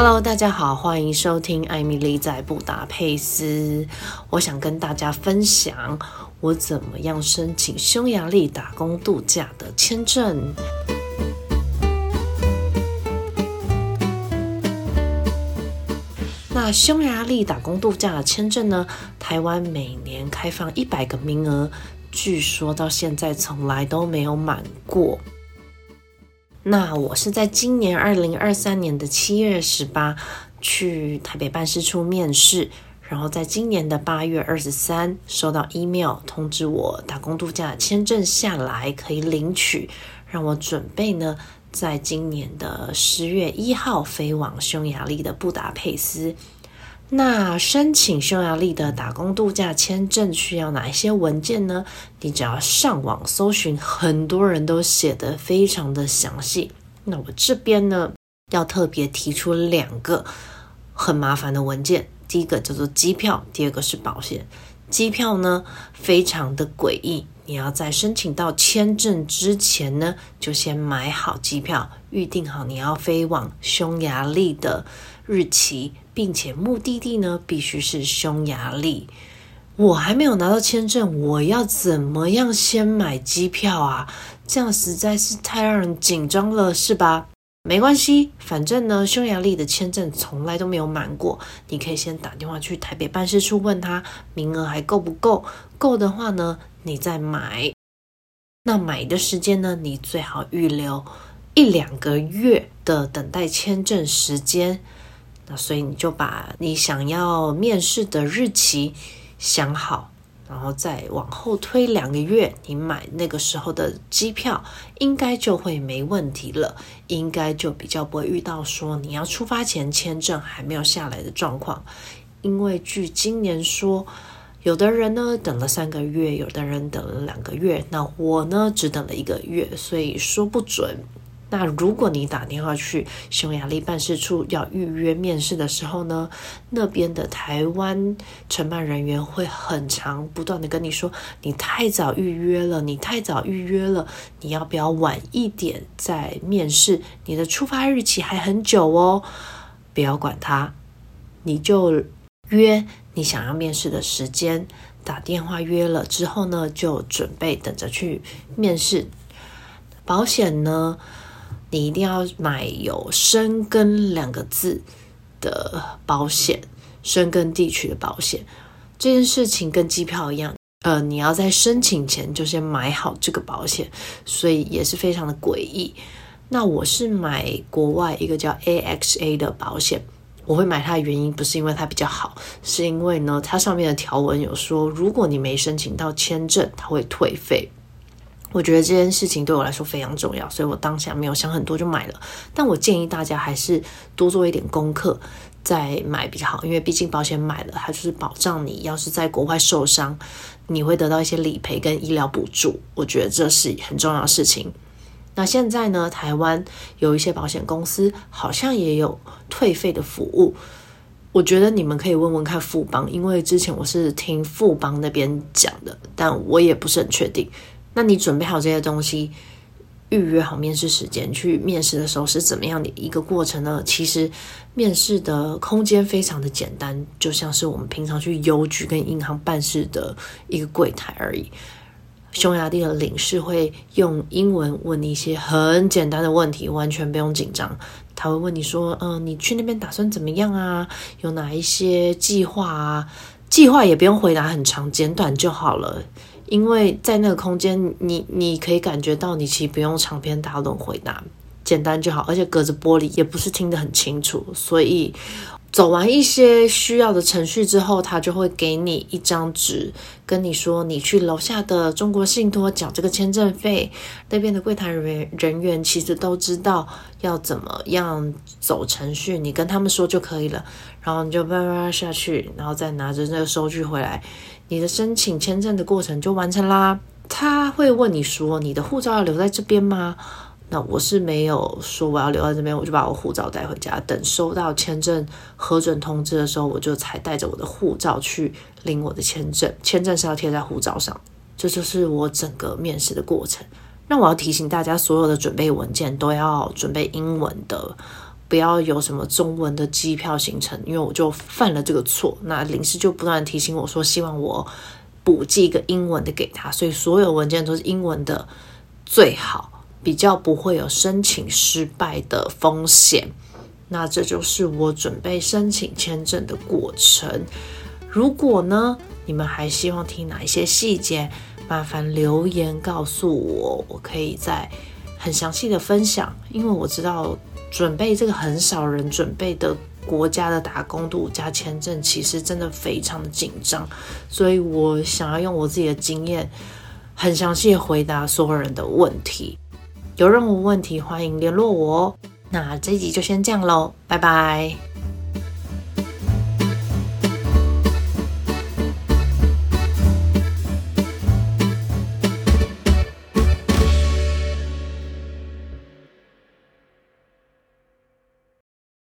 Hello，大家好，歡迎收聽艾蜜莉在布達佩斯。我想跟大家分享我怎麼樣申請匈牙利打工度假的簽證。那匈牙利打工度假的簽證呢，台灣每年開放一百個名額，據說到現在從來都沒有滿過。那我是在今年二零二三年的七月十八去台北辦事處面試，然後在今年的八月二十三收到 email 通知我打工度假簽證下來可以領取，讓我準備呢，在今年的十月一號飛往匈牙利的布達佩斯。那申請匈牙利的打工度假簽證需要哪一些文件呢？你只要上網搜尋，很多人都寫的非常的詳細。那我這邊呢，要特別提出兩個很麻煩的文件，第一個叫做機票，第二個是保險。機票呢，非常的詭異。你要在申請到簽證之前呢，就先買好機票，預定好你要飛往匈牙利的日期，並且目的地呢，必須是匈牙利。我還沒有拿到簽證，我要怎麼樣先買機票啊？這樣實在是太讓人緊張了，是吧？沒關係，反正呢，匈牙利的簽證從來都沒有滿過。你可以先打電話去台北辦事處問他名額還夠不夠，夠的話呢，你再買。那買的時間呢，你最好預留一兩個月的等待簽證時間。那所以你就把你想要面試的日期想好。然後再往後推兩個月，你買那個時候的機票，應該就會沒問題了，應該就比較不會遇到說你要出發前簽證還沒有下來的狀況。因為據今年說，有的人呢等了三個月，有的人等了兩個月，那我呢只等了一個月，所以說不準。那如果你打電話去匈牙利辦事處要預約面試的時候呢，那邊的台灣承辦人員會很常不斷的跟你說，你太早預約了，你太早預約了，你要不要晚一點再面試？你的出發日期還很久哦，不要管他，你就約你想要面試的時間。打電話約了之後呢，就準備等着去面試。保險呢？你一定要買有“申根”兩個字的保險，申根地區的保險。這件事情跟機票一樣，呃，你要在申請前就先買好這個保險，所以也是非常的詭異。那我是買國外一個叫 AXA 的保險，我會買它的原因不是因為它比較好，是因為呢它上面的條文有說，如果你沒申請到簽證，它會退費。我覺得這件事情對我來說非常重要，所以我當下沒有想很多就買了。但我建議大家還是多做一點功課再買比較好，因為畢竟保險買了，它就是保障你要是在國外受傷，你會得到一些理賠跟醫療補助。我覺得這是很重要的事情。那現在呢，台灣有一些保險公司好像也有退費的服務，我覺得你們可以問問看富邦，因為之前我是聽富邦那邊講的，但我也不是很確定。那你準備好這些東西，預約好面試時間，去面試的時候是怎麼樣的一個過程呢？其實面試的空間非常的簡單，就像是我們平常去郵局跟銀行辦事的一個櫃檯而已。匈牙利的領事會用英文問你一些很簡單的問題，完全不用緊張。他會問你說：“嗯、呃，你去那邊打算怎麼樣啊？有哪一些計劃啊？計劃也不用回答很長，簡短就好了。”因為在那個空間你，你你可以感覺到，你其實不用長篇大論回答，簡單就好，而且隔着玻璃也不是聽得很清楚，所以。走完一些需要的程序之後，他就會給你一張紙，跟你說你去樓下的中國信託繳這個簽證費。那邊的櫃台人員人員其實都知道要怎麼樣走程序，你跟他們說就可以了。然後你就慢慢下去，然後再拿着那個收據回來，你的申請簽證的過程就完成啦。他會問你說你的護照要留在這邊嗎？那我是沒有說我要留在這邊，我就把我護照帶回家。等收到簽證核准通知的時候，我就才帶着我的護照去領我的簽證。簽證是要貼在護照上，這就是我整個面試的過程。那我要提醒大家，所有的準備文件都要準備英文的，不要有什麼中文的機票行程，因為我就犯了這個錯。那領事就不斷提醒我說，希望我補寄一個英文的給他，所以所有文件都是英文的最好。比較不會有申請失敗的風險，那這就是我準備申請簽證的過程。如果呢，你們還希望聽哪一些細節，麻煩留言告訴我，我可以再很詳細的分享。因為我知道準備這個很少人準備的國家的打工度假簽證，其實真的非常的緊張，所以我想要用我自己的經驗，很詳細的回答所有人的問題。有任何問題，歡迎聯絡我哦。那這一集就先這樣嘍，拜拜。